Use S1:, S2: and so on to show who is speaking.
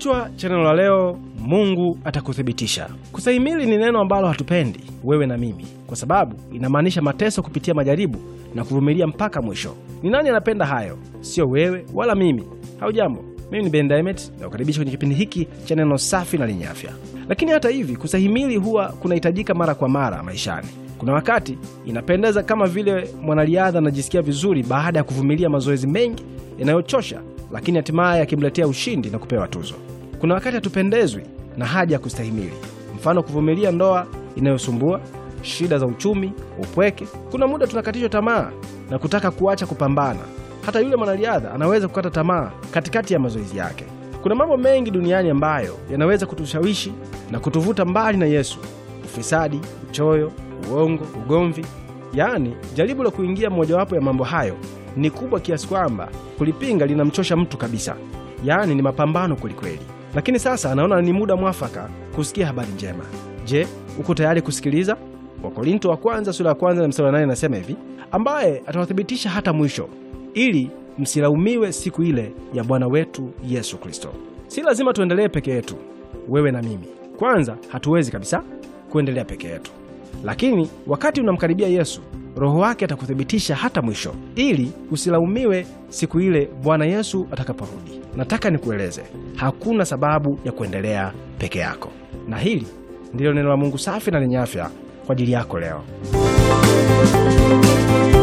S1: Kichwa cha neno la leo, Mungu atakuthibitisha. Kustahimili ni neno ambalo hatupendi wewe na mimi, kwa sababu inamaanisha mateso kupitia majaribu na kuvumilia mpaka mwisho. Ni nani anapenda hayo? Sio wewe wala mimi. Haujambo, mimi ni Ben Diamond na kukaribisha kwenye kipindi hiki cha neno safi na lenye afya. Lakini hata hivi, kustahimili huwa kunahitajika mara kwa mara maishani. Kuna wakati inapendeza kama vile mwanariadha anajisikia vizuri baada ya kuvumilia mazoezi mengi yanayochosha, lakini hatimaye akimletea ushindi na kupewa tuzo. Kuna wakati hatupendezwi na haja ya kustahimili, mfano kuvumilia ndoa inayosumbua, shida za uchumi, upweke. Kuna muda tunakatishwa tamaa na kutaka kuacha kupambana. Hata yule mwanariadha anaweza kukata tamaa katikati ya mazoezi yake. Kuna mambo mengi duniani ambayo yanaweza kutushawishi na kutuvuta mbali na Yesu: ufisadi, uchoyo uongo, ugomvi. Yaani, jaribu la kuingia mojawapo ya mambo hayo ni kubwa kiasi kwamba kulipinga linamchosha mtu kabisa. Yaani ni mapambano kwelikweli, lakini sasa anaona ni muda mwafaka kusikia habari njema. Je, uko tayari kusikiliza? Wakorinto wa kwanza sura ya kwanza na mstari wa nane nasema hivi, ambaye atawathibitisha hata mwisho, ili msilaumiwe siku ile ya Bwana wetu Yesu Kristo. Si lazima tuendelee peke yetu, wewe na mimi. Kwanza hatuwezi kabisa kuendelea peke yetu. Lakini wakati unamkaribia Yesu, Roho wake atakuthibitisha hata mwisho, ili usilaumiwe siku ile Bwana Yesu atakaporudi. Nataka nikueleze, hakuna sababu ya kuendelea peke yako. Na hili ndilo neno la Mungu safi na lenye afya kwa ajili yako leo.